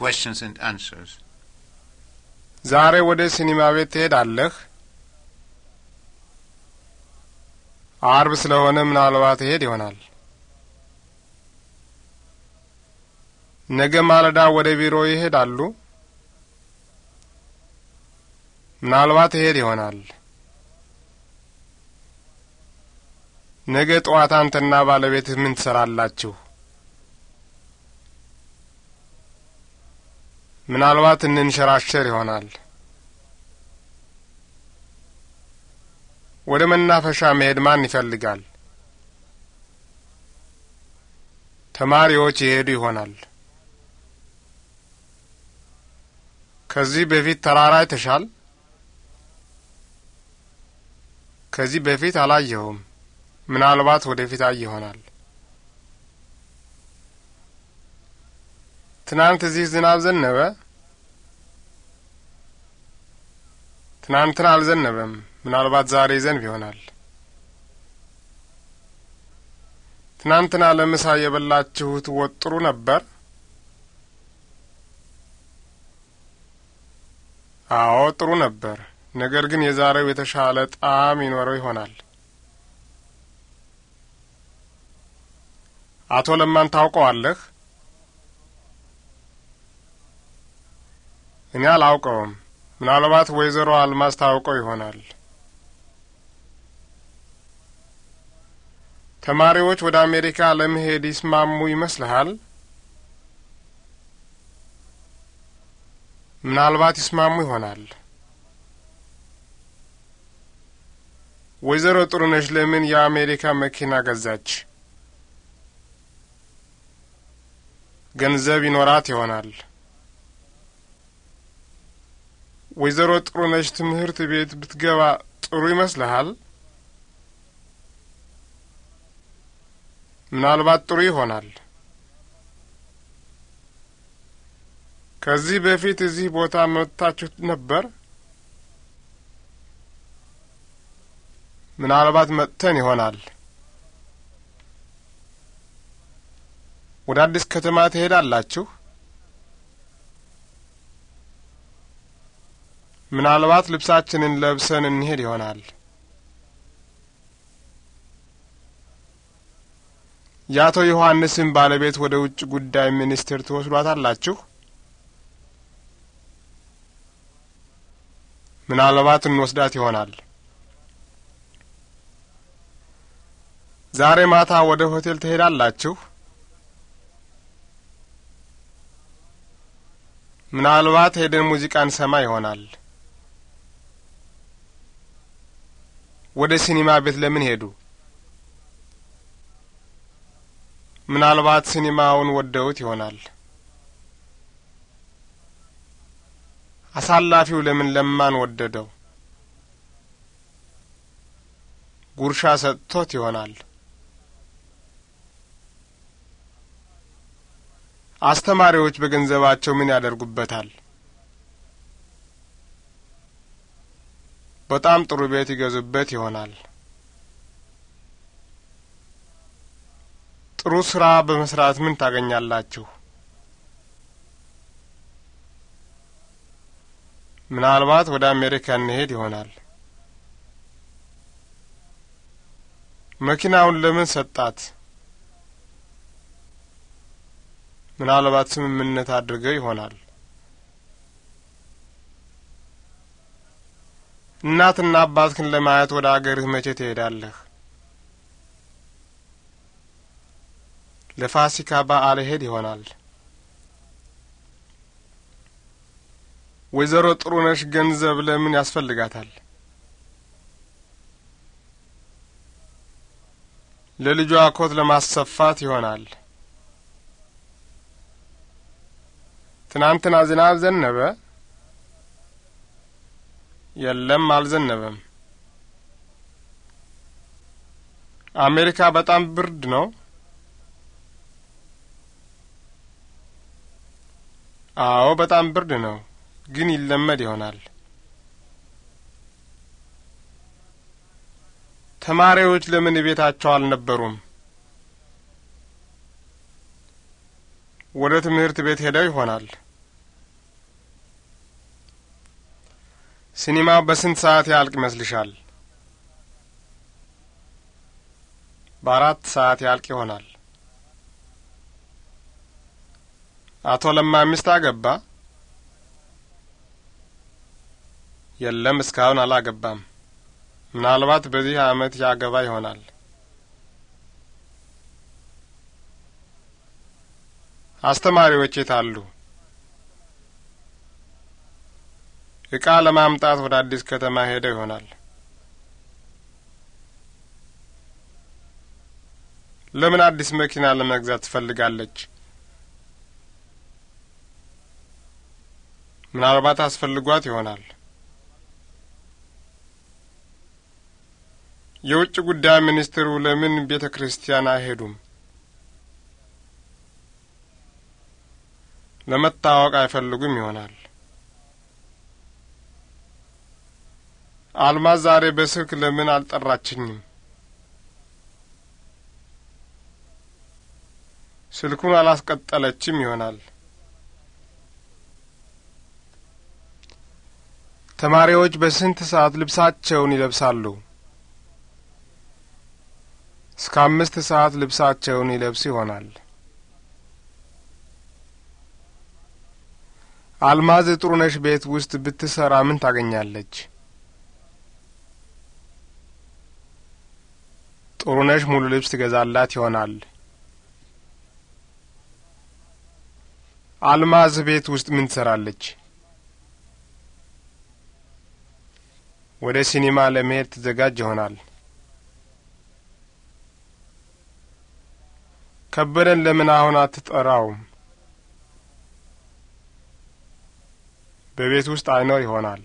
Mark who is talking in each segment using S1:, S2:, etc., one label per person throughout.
S1: questions and answers ዛሬ ወደ ሲኒማ ቤት ትሄዳለህ? አርብ ስለሆነ ምናልባት እሄድ ይሆናል። ነገ ማለዳ ወደ ቢሮ ይሄዳሉ? ምናልባት እሄድ ይሆናል። ነገ ጠዋት አንተና ባለቤትህ ምን ትሰራላችሁ? ምናልባት እንንሸራሸር ይሆናል። ወደ መናፈሻ መሄድ ማን ይፈልጋል? ተማሪዎች ይሄዱ ይሆናል። ከዚህ በፊት ተራራ አይተሻል? ከዚህ በፊት አላየሁም። ምናልባት ወደፊት አይ ይሆናል። ትናንት እዚህ ዝናብ ዘነበ? ትናንትና አልዘነበም። ምናልባት ዛሬ ይዘንብ ይሆናል። ትናንትና ለምሳ የበላችሁት ወጥ ጥሩ ነበር? አዎ ጥሩ ነበር። ነገር ግን የዛሬው የተሻለ ጣዕም ይኖረው ይሆናል። አቶ ለማን ታውቀዋለህ? እኔ አላውቀውም። ምናልባት ወይዘሮ አልማዝ ታውቀው ይሆናል። ተማሪዎች ወደ አሜሪካ ለመሄድ ይስማሙ ይመስልሃል? ምናልባት ይስማሙ ይሆናል። ወይዘሮ ጥሩነሽ ለምን የአሜሪካ መኪና ገዛች? ገንዘብ ይኖራት ይሆናል። ወይዘሮ ጥሩነሽ ትምህርት ቤት ብትገባ ጥሩ ይመስልሃል? ምናልባት ጥሩ ይሆናል። ከዚህ በፊት እዚህ ቦታ መጥታችሁ ነበር? ምናልባት መጥተን ይሆናል። ወደ አዲስ ከተማ ትሄዳላችሁ? ምናልባት ልብሳችንን ለብሰን እንሄድ ይሆናል። የአቶ ዮሐንስን ባለቤት ወደ ውጭ ጉዳይ ሚኒስቴር ትወስዷታላችሁ? ምናልባት እንወስዳት ይሆናል። ዛሬ ማታ ወደ ሆቴል ትሄዳላችሁ? ምናልባት ሄደን ሙዚቃን እንሰማ ይሆናል። ወደ ሲኒማ ቤት ለምን ሄዱ? ምናልባት ሲኒማውን ወደውት ይሆናል። አሳላፊው ለምን ለማን ወደደው? ጉርሻ ሰጥቶት ይሆናል። አስተማሪዎች በገንዘባቸው ምን ያደርጉበታል? በጣም ጥሩ ቤት ይገዙበት ይሆናል። ጥሩ ስራ በመስራት ምን ታገኛላችሁ? ምናልባት ወደ አሜሪካ እንሄድ ይሆናል። መኪናውን ለምን ሰጣት? ምናልባት ስምምነት አድርገው ይሆናል። እናትና አባትህን ለማየት ወደ አገርህ መቼ ትሄዳለህ? ለፋሲካ በዓል እሄድ ይሆናል። ወይዘሮ ጥሩነሽ ገንዘብ ለምን ያስፈልጋታል? ለልጇ ኮት ለማሰፋት ይሆናል። ትናንትና ዝናብ ዘነበ? የለም፣ አልዘነበም። አሜሪካ በጣም ብርድ ነው። አዎ፣ በጣም ብርድ ነው፣ ግን ይለመድ ይሆናል። ተማሪዎች ለምን ቤታቸው አልነበሩም? ወደ ትምህርት ቤት ሄደው ይሆናል። ሲኒማ በስንት ሰዓት ያልቅ ይመስልሻል? በአራት ሰዓት ያልቅ ይሆናል። አቶ ለማ ሚስት አገባ? የለም፣ እስካሁን አላገባም። ምናልባት በዚህ ዓመት ያገባ ይሆናል። አስተማሪዎች የት አሉ? እቃ ለማምጣት ወደ አዲስ ከተማ ሄደ ይሆናል። ለምን አዲስ መኪና ለመግዛት ትፈልጋለች? ምናልባት አስፈልጓት ይሆናል። የውጭ ጉዳይ ሚኒስትሩ ለምን ቤተ ክርስቲያን አይሄዱም? ለመታወቅ አይፈልጉም ይሆናል። አልማዝ ዛሬ በስልክ ለምን አልጠራችኝም? ስልኩን አላስቀጠለችም ይሆናል። ተማሪዎች በስንት ሰዓት ልብሳቸውን ይለብሳሉ? እስከ አምስት ሰዓት ልብሳቸውን ይለብስ ይሆናል። አልማዝ ጥሩነሽ ቤት ውስጥ ብትሰራ ምን ታገኛለች? ጥሩነሽ ሙሉ ልብስ ትገዛላት ይሆናል። አልማዝ ቤት ውስጥ ምን ትሰራለች? ወደ ሲኒማ ለመሄድ ትዘጋጅ ይሆናል። ከበደን ለምን አሁን አትጠራውም? በቤት ውስጥ አይኖር ይሆናል።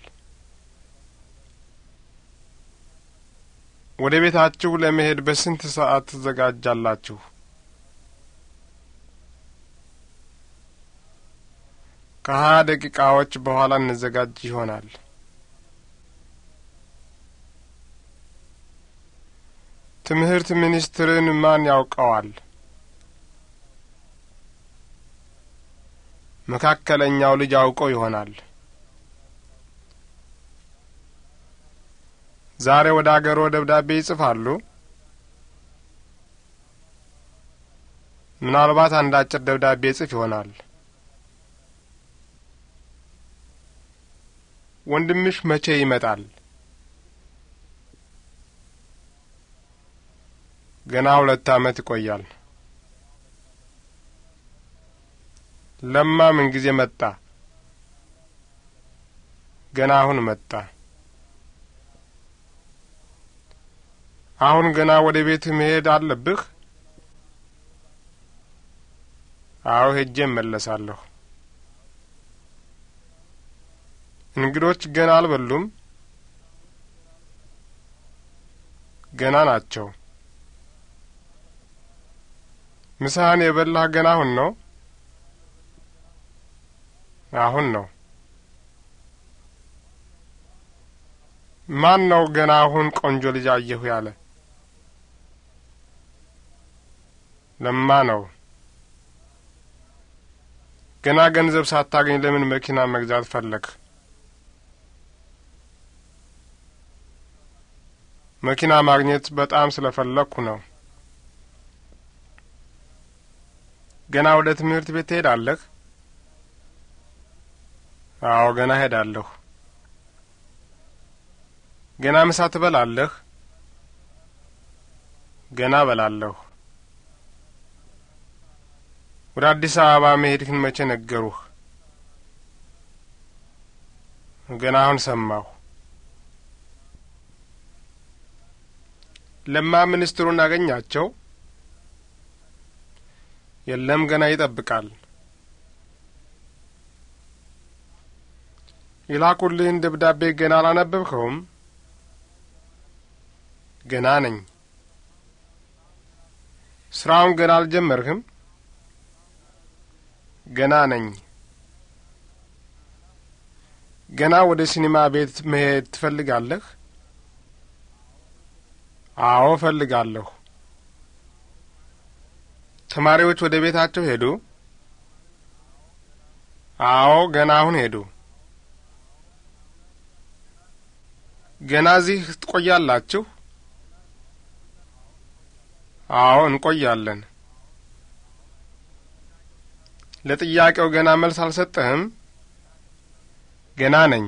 S1: ወደ ቤታችሁ ለመሄድ በስንት ሰዓት ትዘጋጃላችሁ? ከሀያ ደቂቃዎች በኋላ እንዘጋጅ ይሆናል። ትምህርት ሚኒስትርን ማን ያውቀዋል? መካከለኛው ልጅ አውቀው ይሆናል። ዛሬ ወደ አገሮ ደብዳቤ ይጽፋሉ? ምናልባት አንድ አጭር ደብዳቤ ጽፍ ይሆናል። ወንድምሽ መቼ ይመጣል? ገና ሁለት ዓመት ይቆያል። ለማ ምን ጊዜ መጣ? ገና አሁን መጣ። አሁን ገና ወደ ቤት መሄድ አለብህ? አዎ ሄጄ እመለሳለሁ። እንግዶች ገና አልበሉም? ገና ናቸው። ምሳህን የበላህ ገና አሁን ነው? አሁን ነው። ማን ነው ገና አሁን ቆንጆ ልጅ አየሁ ያለ? ለማ ነው። ገና ገንዘብ ሳታገኝ ለምን መኪና መግዛት ፈለግ? መኪና ማግኘት በጣም ስለፈለግኩ ነው። ገና ወደ ትምህርት ቤት ትሄዳለህ? አዎ ገና ሄዳለሁ። ገና ምሳ ትበላለህ? ገና በላለሁ። ወደ አዲስ አበባ መሄድህን መቼ ነገሩህ? ገና አሁን ሰማሁ። ለማ ሚኒስትሩን አገኛቸው? የለም ገና ይጠብቃል። የላኩልህን ደብዳቤ ገና አላነብብከውም ገና ነኝ። ስራውን ገና አልጀመርህም? ገና ነኝ። ገና ወደ ሲኒማ ቤት መሄድ ትፈልጋለህ? አዎ እፈልጋለሁ። ተማሪዎች ወደ ቤታቸው ሄዱ? አዎ ገና አሁን ሄዱ። ገና እዚህ ትቆያላችሁ? አዎ እንቆያለን። ለጥያቄው ገና መልስ አልሰጠህም? ገና ነኝ።